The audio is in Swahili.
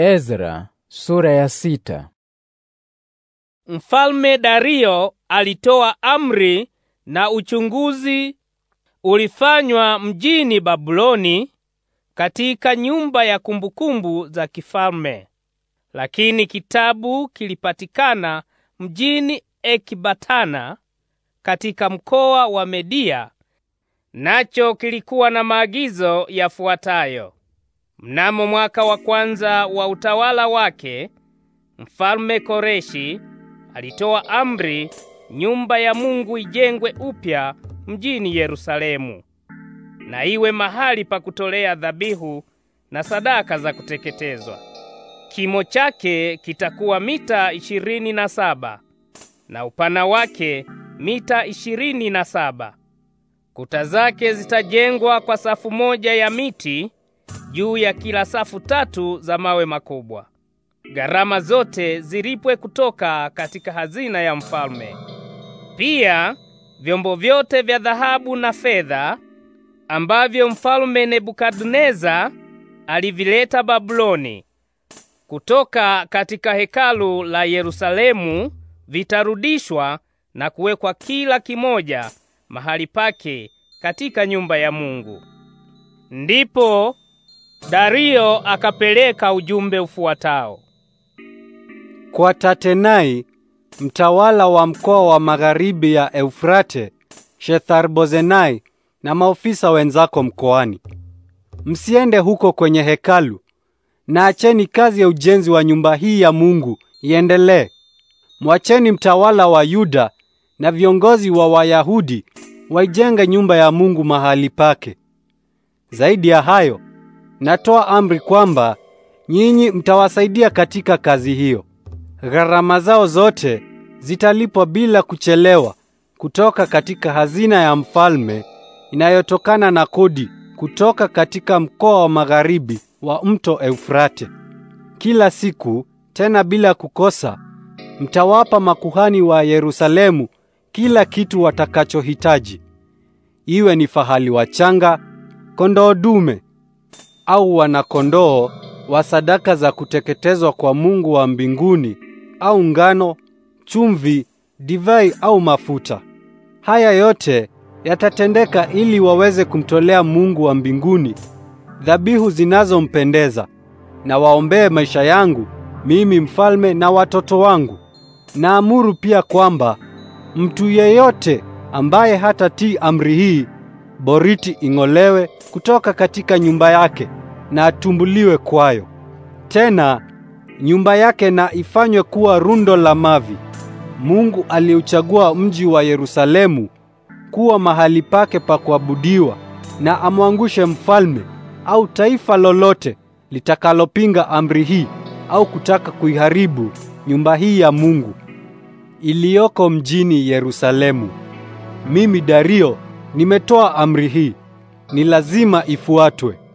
Ezra sura ya sita. Mfalme Dario alitoa amri na uchunguzi ulifanywa mjini Babuloni katika nyumba ya kumbukumbu za kifalme. Lakini kitabu kilipatikana mjini Ekbatana katika mkoa wa Media, nacho kilikuwa na maagizo yafuatayo: Mnamo mwaka wa kwanza wa utawala wake, Mfalme Koreshi alitoa amri nyumba ya Mungu ijengwe upya mjini Yerusalemu na iwe mahali pa kutolea dhabihu na sadaka za kuteketezwa. Kimo chake kitakuwa mita ishirini na saba na upana wake mita ishirini na saba. Kuta zake zitajengwa kwa safu moja ya miti juu ya kila safu tatu za mawe makubwa. Gharama zote zilipwe kutoka katika hazina ya mfalme. Pia vyombo vyote vya dhahabu na fedha ambavyo mfalme Nebukadneza alivileta Babuloni kutoka katika hekalu la Yerusalemu vitarudishwa na kuwekwa kila kimoja mahali pake katika nyumba ya Mungu. Ndipo Dario akapeleka ujumbe ufuatao kwa Tatenai, mtawala wa mkoa wa magharibi ya Eufrate, Shetharbozenai na maofisa wenzako mkoani, msiende huko kwenye hekalu, na acheni kazi ya ujenzi wa nyumba hii ya Mungu iendelee. Mwacheni mtawala wa Yuda na viongozi wa Wayahudi waijenge nyumba ya Mungu mahali pake. Zaidi ya hayo, Natoa amri kwamba nyinyi mtawasaidia katika kazi hiyo. Gharama zao zote zitalipwa bila kuchelewa kutoka katika hazina ya mfalme inayotokana na kodi kutoka katika mkoa wa magharibi wa mto Eufrate. Kila siku tena bila kukosa mtawapa makuhani wa Yerusalemu kila kitu watakachohitaji, iwe ni fahali wachanga, kondoo dume, au wanakondoo wa sadaka za kuteketezwa kwa Mungu wa mbinguni au ngano, chumvi, divai au mafuta. Haya yote yatatendeka ili waweze kumtolea Mungu wa mbinguni dhabihu zinazompendeza, na waombee maisha yangu mimi mfalme na watoto wangu. Naamuru pia kwamba mtu yeyote ambaye hatatii amri hii boriti ing'olewe kutoka katika nyumba yake na atumbuliwe kwayo. Tena nyumba yake na ifanywe kuwa rundo la mavi. Mungu aliuchagua mji wa Yerusalemu kuwa mahali pake pa kuabudiwa, na amwangushe mfalme au taifa lolote litakalopinga amri hii au kutaka kuiharibu nyumba hii ya Mungu iliyoko mjini Yerusalemu. Mimi Dario nimetoa amri hii, ni lazima ifuatwe.